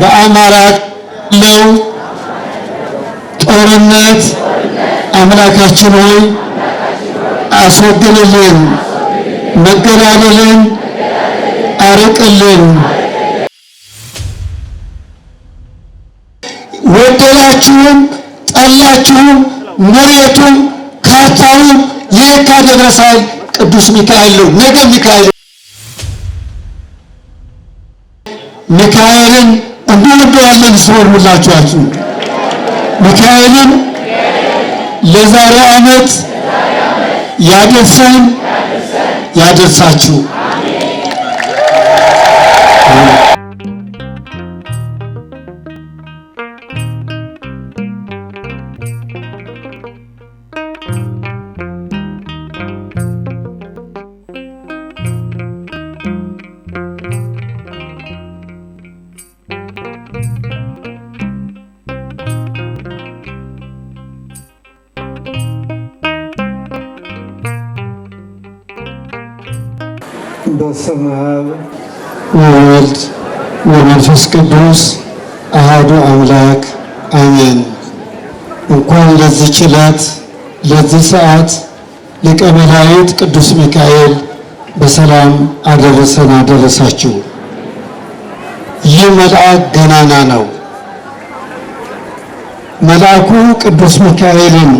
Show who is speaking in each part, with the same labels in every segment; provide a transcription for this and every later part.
Speaker 1: በአማራ ነው ጦርነት አምላካችን ሆይ አስወግድልን፣ መገዳደልን አርቅልን። ወደዳችሁም ጠላችሁም መሬቱም ካርታውም የካ ደብረ ቅዱስ ሚካኤል ነው። ነገ ሚካኤል ሚካኤልን ሲወርድላችኋችሁ ሚካኤልን ለዛሬ ዓመት ያደርሰን ያደርሳችሁ። በስመ አብ ወወልድ ወመንፈስ ቅዱስ አሐዱ አምላክ አሜን። እንኳን ለዚህ ዕለት ለዚህ ሰዓት ሊቀ መላእክት ቅዱስ ሚካኤል በሰላም አደረሰን አደረሳችሁ። ይህ መልአክ ገናና ነው። መልአኩ ቅዱስ ሚካኤልን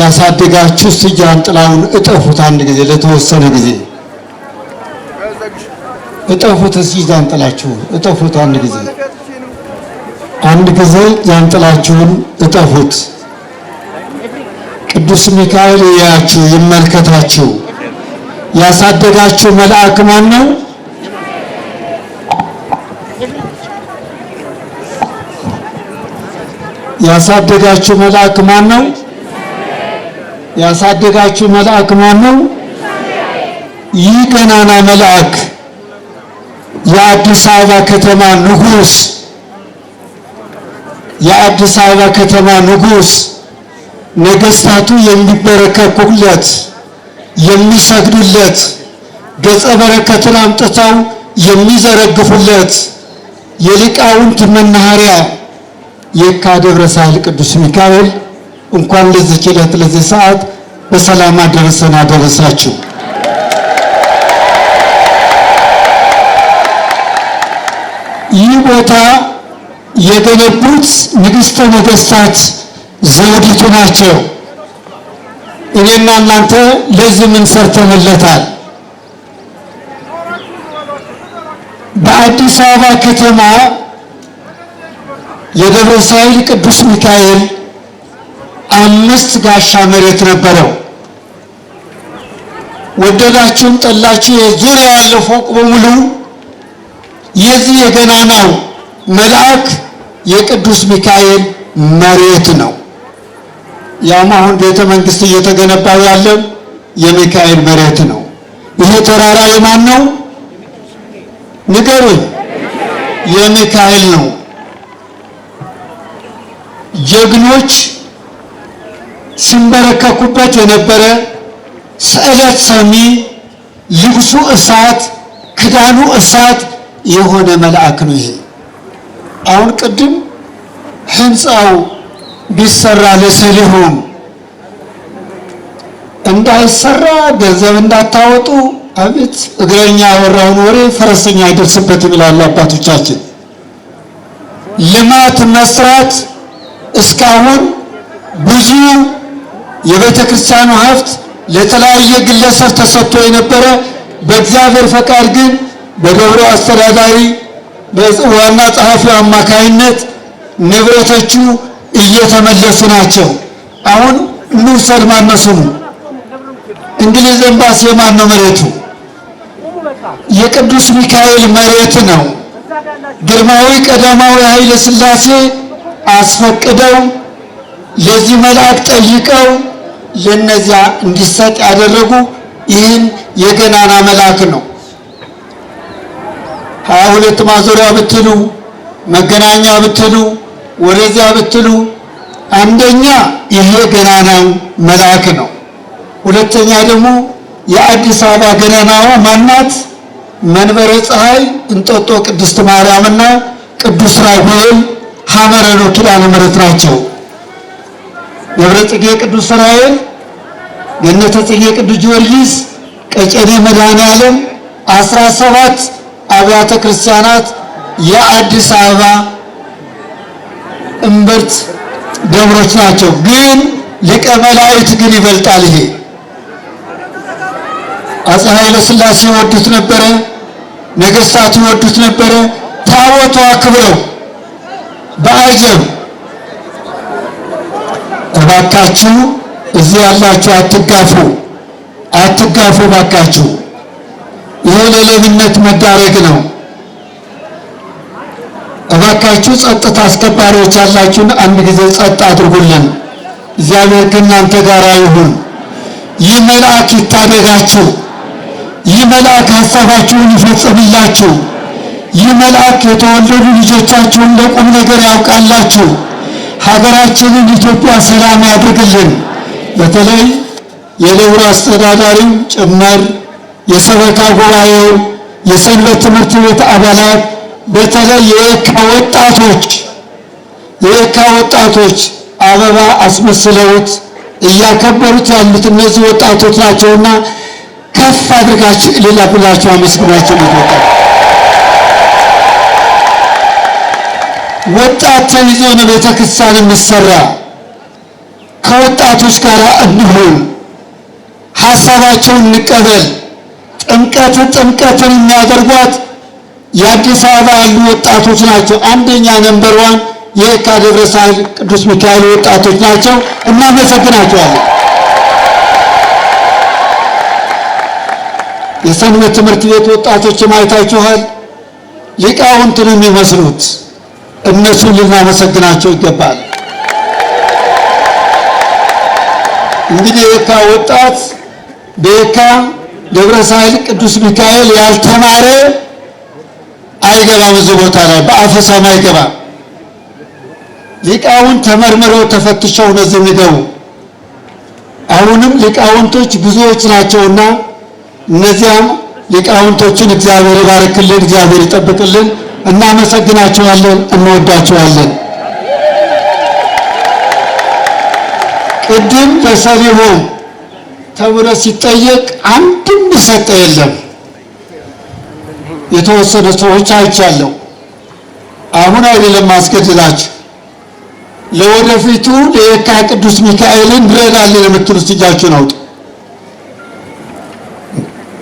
Speaker 1: ያሳደጋችሁ እስቲ ጃንጥላውን እጠፉት፣ አንድ ጊዜ ለተወሰነ ጊዜ እጠፉት። እስቲ ጃንጥላችሁ እጠፉት፣ አንድ ጊዜ አንድ ጊዜ ጃንጥላችሁን እጠፉት። ቅዱስ ሚካኤል ያያችሁ፣ ይመልከታችሁ። ያሳደጋችሁ መልአክ ማን ነው? ያሳደጋችሁ መልአክ ማን ነው? ያሳደጋችሁ መልአክ ማን ነው? ይህ ገናና መልአክ የአዲስ አበባ ከተማ ንጉስ የአዲስ አበባ ከተማ ንጉስ ነገስታቱ የሚበረከኩለት የሚሰግዱለት ገጸ በረከትን አምጥተው የሚዘረግፉለት የሊቃውንት መናኸሪያ የካ ደብረ ሳህል ቅዱስ ሚካኤል እንኳን ለዚህ ኪደት ለዚህ ሰዓት በሰላም አደረሰን አደረሳችሁ። ይህ ቦታ የገነቡት ንግሥተ ነገሥታት ዘውዲቱ ናቸው። እኔና እናንተ ለዚህ ምን ሰርተንለታል? በአዲስ አበባ ከተማ የደብረ ሳይል ቅዱስ ሚካኤል አምስት ጋሻ መሬት ነበረው። ወደዳችሁም ጠላችሁ የዙሪያ ያለው ፎቅ በሙሉ የዚህ የገናናው መልአክ የቅዱስ ሚካኤል መሬት ነው። ያም አሁን ቤተ መንግስት እየተገነባው ያለው የሚካኤል መሬት ነው። ይሄ ተራራ የማን ነው ንገሩኝ? የሚካኤል ነው። ጀግኖች ሲንበረከኩበት የነበረ ስዕለት ሰሚ ልብሱ እሳት ክዳኑ እሳት የሆነ መልአክ ነው። ይሄ አሁን ቅድም ህንፃው ቢሰራ ለስዕል ይሆን እንዳይሰራ ገንዘብ እንዳታወጡ፣ አቤት እግረኛ ያወራውን ወሬ ፈረሰኛ አይደርስበትም ይላሉ አባቶቻችን። ልማት መስራት እስካሁን ብዙ የቤተ ክርስቲያኑ ሀብት ለተለያየ ግለሰብ ተሰጥቶ የነበረ በእግዚአብሔር ፈቃድ ግን በደብሮ አስተዳዳሪ ዋና ጸሐፊው አማካይነት ንብረቶቹ እየተመለሱ ናቸው። አሁን እንውሰድ። ማነሱ ነው እንግሊዝ ኤምባሲ የማን ነው መሬቱ? የቅዱስ ሚካኤል መሬት ነው። ግርማዊ ቀዳማዊ ኃይለ ሥላሴ አስፈቅደው ለዚህ መልአክ ጠይቀው ለነዚያ እንዲሰጥ ያደረጉ ይህን የገናና መልአክ ነው። ሀያ ሁለት ማዞሪያ ብትሉ መገናኛ ብትሉ ወደዚያ ብትሉ አንደኛ ይሄ ገናናው መልአክ ነው። ሁለተኛ ደግሞ የአዲስ አበባ ገናናዋ ማናት? መንበረ ፀሐይ እንጦጦ ቅድስት ማርያምና ቅዱስ ራጉኤል ሐመረ ኪዳነ ምሕረት ናቸው። ደብረ ጽጌ ቅዱስ ራኤል፣ ገነተ ጽጌ ቅዱስ ጊዮርጊስ፣ ቀጨኔ መድኃኔ ዓለም አስራ ሰባት አብያተ ክርስቲያናት የአዲስ አበባ እምብርት ደብሮች ናቸው። ግን ሊቀ መላእክት ግን ይበልጣል። ይሄ አፄ ኃይለ ሥላሴ ይወዱት ነበረ፣ ነገሥታት ይወዱት ነበረ። ታቦቷ አክብረው በአጀብ እባካችሁ እዚህ ያላችሁ አትጋፉ፣ አትጋፉ እባካችሁ። ይሄ ለሌብነት መዳረግ ነው። እባካችሁ ጸጥታ አስከባሪዎች ያላችሁን አንድ ጊዜ ጸጥ አድርጉልን። እግዚአብሔር ከእናንተ ጋር ይሁን። ይህ መልአክ ይታደጋችሁ። ይህ መልአክ ሀሳባችሁን ይፈጽምላችሁ። ይህ መልአክ የተወለዱ ልጆቻችሁን ለቁም ነገር ያውቃላችሁ። ሀገራችንን ኢትዮጵያ ሰላም አድርግልን። በተለይ የደብር አስተዳዳሪው ጭምር የሰበካ ጉባኤው፣ የሰንበት ትምህርት ቤት አባላት በተለይ የየካ ወጣቶች የየካ ወጣቶች አበባ አስመስለውት እያከበሩት ያሉት እነዚህ ወጣቶች ናቸውና ከፍ አድርጋችሁ ሌላ ብላችሁ አመስግናችሁ ነው። ወጣት ይዞ ነው ቤተ ክርስቲያን የሚሰራ። ከወጣቶች ጋር እንሁን፣ ሀሳባቸውን እንቀበል። ጥምቀት ጥምቀትን የሚያደርጓት የአዲስ አበባ ያሉ ወጣቶች ናቸው። አንደኛ ነምበር ዋን የካ ደብረ ሳህል ቅዱስ ሚካኤል ወጣቶች ናቸው። እናመሰግናቸዋለን። የሰንበት ትምህርት ቤት ወጣቶችም አይታችኋል። ሊቃውንትን የሚመስሉት እነሱ ልናመሰግናቸው ይገባል። እንግዲህ የካ ወጣት በየካ ደብረ ሳህል ቅዱስ ሚካኤል ያልተማረ አይገባም። እዚህ ቦታ ላይ በአፈሳም አይገባም። ሊቃውን ተመርምረው ተፈትሸው ነው እዚህ የሚገቡ። አሁንም ሊቃውንቶች ብዙዎች ናቸውና እነዚያም ሊቃውንቶችን እግዚአብሔር ይባርክልን፣ እግዚአብሔር ይጠብቅልን። እናመሰግናቸዋለን፣ እንወዳቸዋለን። ቅድም በሰሊሆ ተብሎ ሲጠየቅ አንድም የሰጠ የለም። የተወሰነ ሰዎች አይቻለሁ። አሁን አይደለም አስገድላችሁ ለወደፊቱ ለየካ ቅዱስ ሚካኤልን እንረዳለን የምትሉት ስጃችሁ ነው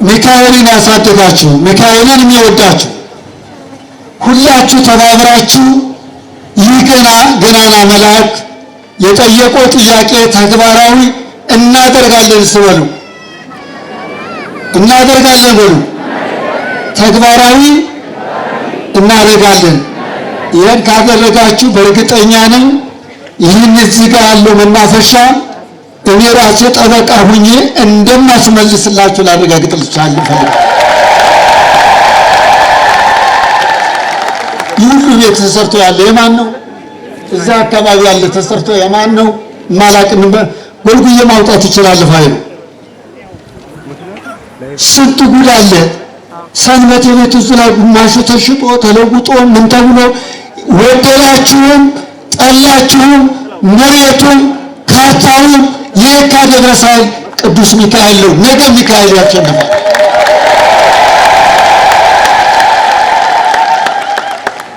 Speaker 1: ሚካኤልን ያሳደጋችሁ፣ ሚካኤልን የሚወዳችሁ ሁላችሁ ተባብራችሁ ይህ ገና ገናና መልአክ የጠየቀው ጥያቄ ተግባራዊ እናደርጋለን ስበሉ፣ እናደርጋለን በሉ፣ ተግባራዊ እናደርጋለን። ይህን ካደረጋችሁ በእርግጠኛ ነኝ ይህን እዚህ ጋር ያለው መናፈሻ እኔ ራሴ ጠበቃ ሁኜ እንደማስመልስላችሁ ላረጋግጥልቻለሁ። ይህ ሁሉ ቤት ተሰርቶ ያለ የማን ነው? እዛ አካባቢ ያለ ተሰርቶ የማን ነው? ማላቅን ጎልጉዬ ማውጣት ይችላል። ፋይ ነው ስንት ጉድ አለ። ሰንበት የቤት ውስጥ ላይ ግማሹ ተሽጦ ተለውጦ ምን ተብሎ ወደላችሁም ጠላችሁም መሬቱም ካርታውም የካ ደብረ ቅዱስ ሚካኤል ነው። ነገ ሚካኤል ያሸንፋል።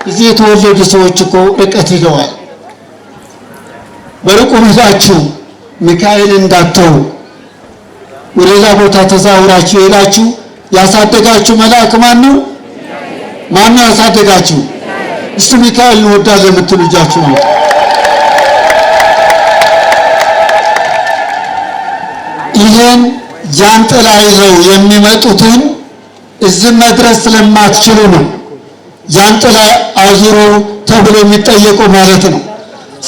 Speaker 1: እዚህ የተወለዱ ሰዎች እኮ ርቀት ይዘዋል። በርቁ ሂዳችሁ ሚካኤል እንዳትተው ወደዛ ቦታ ተዛውራችሁ ይላችሁ ያሳደጋችሁ መልአክ ማን ነው? ማን ነው ያሳደጋችሁ? እሱ ሚካኤል እንወዳለን የምትሉ እጃችሁ ነው። ይህን ጃንጥላ ይዘው የሚመጡትን እዚህ መድረስ ስለማትችሉ ነው። ጃንጥላ አዙሩ ተብሎ የሚጠየቁ ማለት ነው።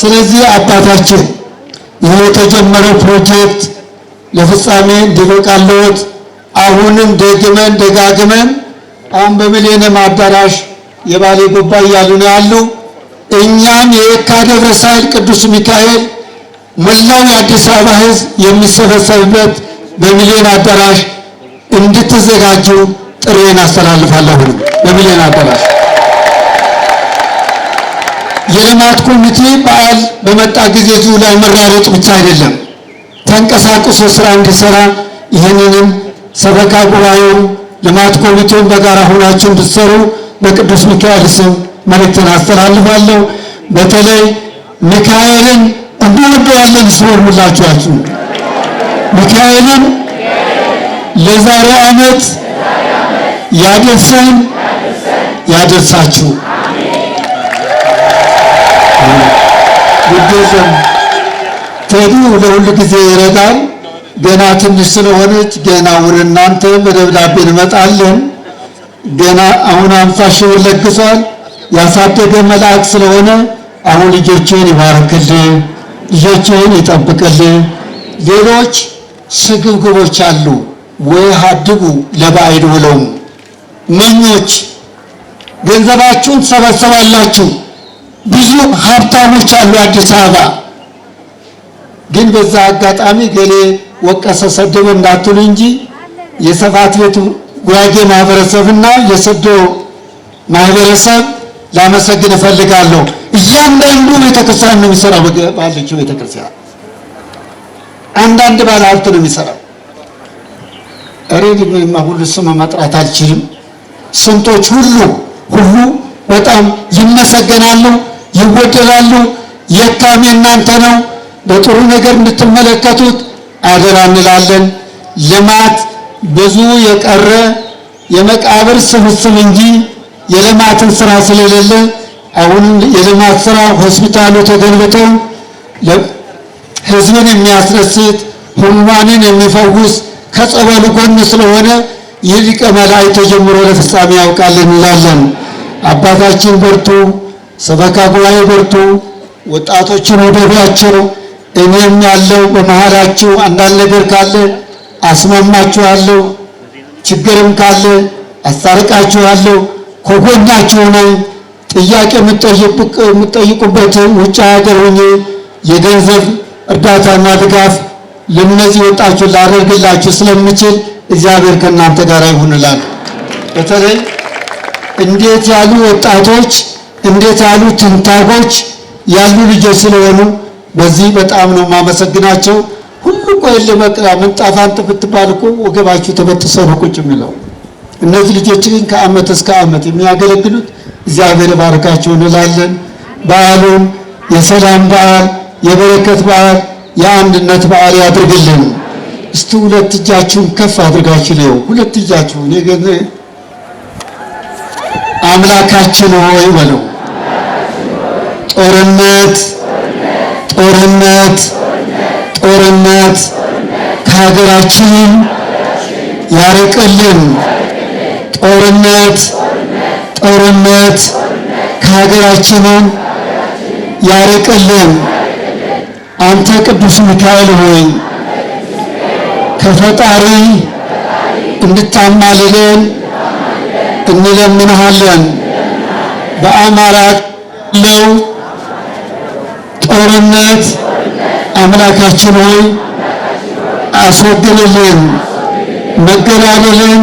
Speaker 1: ስለዚህ አባታችን ይህ የተጀመረው ፕሮጀክት ለፍጻሜ እንዲበቃለዎት አሁንም ደግመን ደጋግመን አሁን በሚሊኒየም አዳራሽ የባሌ ጉባኤ እያሉ ነው ያሉ እኛም የየካ ደብረ ሳህል ቅዱስ ሚካኤል መላው የአዲስ አበባ ሕዝብ የሚሰበሰብበት በሚሊዮን አዳራሽ እንድትዘጋጁ ጥሬን አስተላልፋለሁ። በሚሊዮን አዳራሽ የልማት ኮሚቴ በዓል በመጣ ጊዜ እዚሁ ላይ መራሮጥ ብቻ አይደለም፣ ተንቀሳቅሶ ስራ እንዲሰራ ይህንንም ሰበካ ጉባኤውም ልማት ኮሚቴውን በጋራ ሆናችሁ እንድትሰሩ በቅዱስ ሚካኤል ስም መልእክትን አስተላልፋለሁ። በተለይ ሚካኤልን እንወደዋለን ስወርሙላችኋችሁ ሚካኤልን ለዛሬ ዓመት ያደርሰን ያደርሳችሁ። ውዴቱን ቴዲ ለሁል ጊዜ ይረዳል። ገና ትንሽ ስለሆነች ገና ወደ እናንተ በደብዳቤ እንመጣለን። ገና አሁን አምሳ ሺውን ለግሷል። ያሳደገ መልአክ ስለሆነ አሁን ልጆችን ይባርክልህ፣ ልጆችን ይጠብቅልህ። ሌሎች ስግብግቦች አሉ ወይ ሀድቡ ለባዕድ ውለውም መኞች ገንዘባችሁን ትሰበሰባላችሁ ብዙ ሀብታሞች አሉ አዲስ አበባ። ግን በዛ አጋጣሚ ገሌ ወቀሰ ሰደበ እንዳትሉ እንጂ የሰፋት ቤት ጉራጌ ማህበረሰብና የሰዶ ማህበረሰብ ላመሰግን እፈልጋለሁ። እያንዳንዱ ቤተክርስቲያን ነው የሚሰራው፣ ባለችው ቤተክርስቲያን አንዳንድ ባለ ሀብት ነው የሚሰራው። ሬድ ወይማ ሁሉ ስም መጥራት አልችልም። ስንቶች ሁሉ ሁሉ በጣም ይመሰገናሉ። ይወደዳሉ። የካም የእናንተ ነው። በጥሩ ነገር እንድትመለከቱት አደራ እንላለን። ልማት ብዙ የቀረ የመቃብር ስብስብ እንጂ የልማትን ስራ ስለሌለ አሁን የልማት ስራ ሆስፒታሉ ተገንብተው ህዝብን የሚያስደስት ህሙማንን የሚፈውስ ከጸበሉ ጎን ስለሆነ ይህ ሊቀ መላእክት ተጀምሮ ለፍጻሜ ያውቃል እንላለን። አባታችን በርቱ። ሰበካ ጉባኤ በርቱ፣ ወጣቶችን ውደዷቸው። እኔም ያለው በመሃላችሁ አንዳንድ ነገር ካለ አስማማችኋለሁ፣ ችግርም ካለ አስታርቃችኋለሁ። ከጎናችሁ ነኝ። ጥያቄ የምጠይቁበት ውጭ ሀገር ሆኜ የገንዘብ እርዳታና ድጋፍ ለነዚህ ወጣችሁ ላደርግላችሁ ስለምችል እግዚአብሔር ከእናንተ ጋር ይሁንላል። በተለይ እንዴት ያሉ ወጣቶች እንዴት ያሉ ትንታጎች ያሉ ልጆች ስለሆኑ በዚህ በጣም ነው የማመሰግናቸው። ሁሉ ቆይ በቅላ ምንጣፍ አንጥፍ ብትባል እኮ ወገባችሁ ተበጥሶ ነው ቁጭ የሚለው። እነዚህ ልጆች ግን ከአመት እስከ አመት የሚያገለግሉት እግዚአብሔር ባርካቸው እንላለን። በዓሉን የሰላም በዓል፣ የበረከት በዓል፣ የአንድነት በዓል ያድርግልን። እስቲ ሁለት እጃችሁን ከፍ አድርጋችሁ ነው ሁለት እጃችሁን አምላካችን ሆይ በለው ጦርነት ጦርነት ጦርነት ከሀገራችን ያርቅልን። ጦርነት ጦርነት ከሀገራችንን ያርቅልን። አንተ ቅዱስ ሚካኤል ሆይ ከፈጣሪ እንድታማልለን እንለምንሃለን። በአማራ ለው ጦርነት አምላካችን ሆይ አስወግድልን፣ መገዳደልን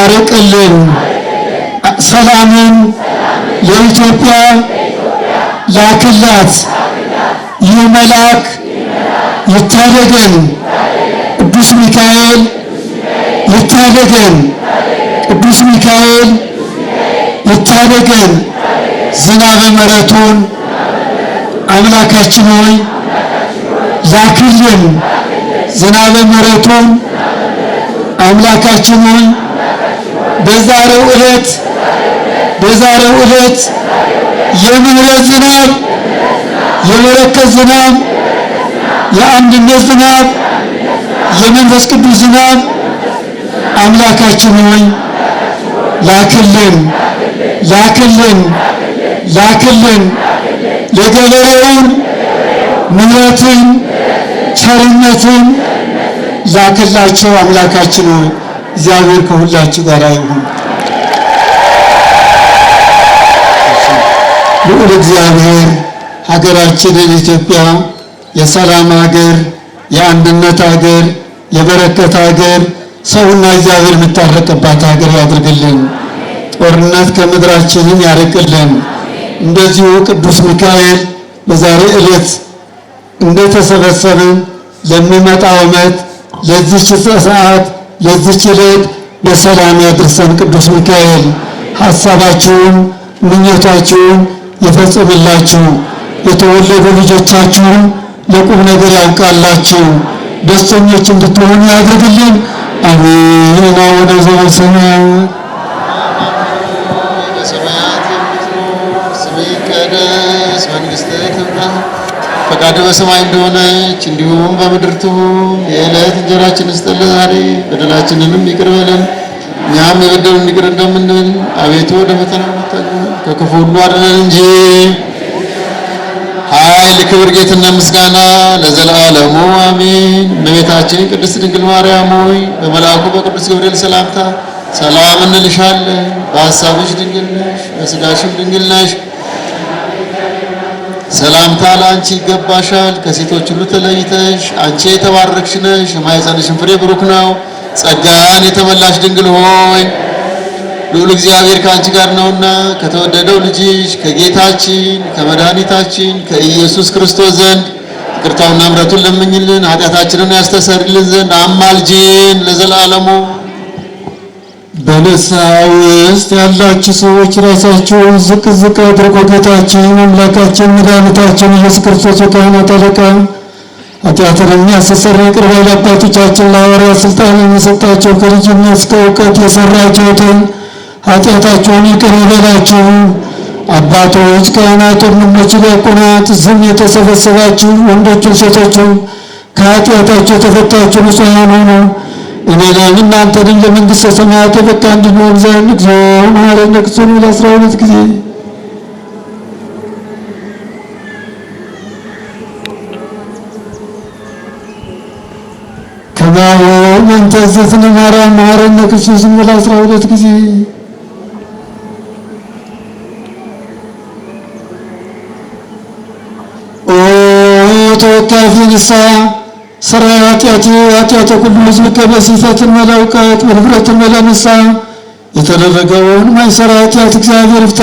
Speaker 1: አርቅልን፣ ሰላምን ለኢትዮጵያ ላክላት። ይህ መልአክ ይታደገን፣ ቅዱስ ሚካኤል ይታደገን፣ ቅዱስ ሚካኤል ይታደገን፣ ዝናበ ምሕረቱን አምላካችን ሆይ ላክልን ዝናበ ምሕረቱን። አምላካችን ሆይ በዛሬው ዕለት በዛሬው ዕለት የምህረት ዝናብ የበረከት ዝናብ የአንድነት ዝናብ የመንፈስ ቅዱስ ዝናብ አምላካችን ሆይ ላክልን ላክልን ላክልን የገበሬውን ምሕረቱን ቸርነቱን ላከላቸው አምላካችን ሆይ እግዚአብሔር ከሁላችሁ ጋር ይሁን። ልዑል እግዚአብሔር ሀገራችንን ኢትዮጵያ የሰላም ሀገር፣ የአንድነት ሀገር፣ የበረከት ሀገር፣ ሰውና እግዚአብሔር የሚታረቅባት ሀገር ያድርግልን። ጦርነት ከምድራችንን ያርቅልን። እንደዚሁ ቅዱስ ሚካኤል በዛሬ ዕለት እንደተሰበሰብን ለሚመጣው ዓመት ለዚች ሰዓት ለዚች ዕለት በሰላም ያድርሰን። ቅዱስ ሚካኤል ሐሳባችሁን፣ ምኞታችሁን ይፈጽምላችሁ። የተወለዱ ልጆቻችሁን ለቁም ነገር ያውቃላችሁ፣ ደስተኞች እንድትሆኑ ያድርግልን። አሜን። ዘመን ሰማያት ፈቃድ በሰማይ እንደሆነች እንዲሁም በምድር ትሁን። የዕለት እንጀራችንን ስጠን ዛሬ፣ በደላችንንም ይቅር በለን እኛም የበደሉንን ይቅር እንደምንል። አቤቱ ወደ ፈተና አታግባን፣ ከክፉ ሁሉ አድነን እንጂ። ኃይል፣ ክብር፣ ጌትና ምስጋና ለዘላለሙ አሜን። እመቤታችን ቅድስት ድንግል ማርያም ሆይ በመልአኩ በቅዱስ ገብርኤል ሰላምታ ሰላም እንልሻለን። በሀሳብሽ ድንግል ነሽ፣ በስጋሽም ድንግል ነሽ ሰላምታ ለአንቺ ይገባሻል፣ ከሴቶች ሁሉ ተለይተሽ አንቺ የተባረክሽ ነሽ፣ የማኅፀንሽን ፍሬ ብሩክ ነው። ጸጋን የተመላሽ ድንግል ሆይ ልዑል እግዚአብሔር ከአንቺ ጋር ነውና ከተወደደው ልጅሽ ከጌታችን ከመድኃኒታችን ከኢየሱስ ክርስቶስ ዘንድ ይቅርታውና ምሕረቱን ለምኝልን ኃጢአታችንን ያስተሰርልን ዘንድ አማልጅን ለዘላለሙ በንስሐ ውስጥ ያላችሁ ሰዎች ራሳችሁን ዝቅ ዝቅ አድርጎ ጌታችን አምላካችን መድኃኒታችን ኢየሱስ ክርስቶስ የካህናት አለቃ ኃጢአትን የሚያስተሰር ይቅር ባይ ለአባቶቻችን ለሐዋርያት ስልጣን የሚሰጣቸው ከልጅነት እስከ እውቀት የሰራችሁትን ኃጢአታችሁን ይቅር ይበላችሁ። አባቶች፣ ካህናት፣ ወንድሞች፣ ዲያቆናት ዝም የተሰበሰባችሁ ወንዶችን ሴቶችን ከኃጢአታቸው የተፈታችሁ ንጹሐን ሁኑ። إلينا منا أنت رجل من دس السماوات فتان جنوب زينك زوم علينا كسر ولا سرعة كذي كما يوم أنت زثنا مارا مارا نكسوس ولا سرعة كذي أو توتافي نساء ስራ ኃጢአት ኃጢአቱ ሁሉ ሕዝብ ከበስህተትን መላውቀት በድፍረትን መላ የተደረገውን ማይሰራ ኃጢአት እግዚአብሔር ይፍታ።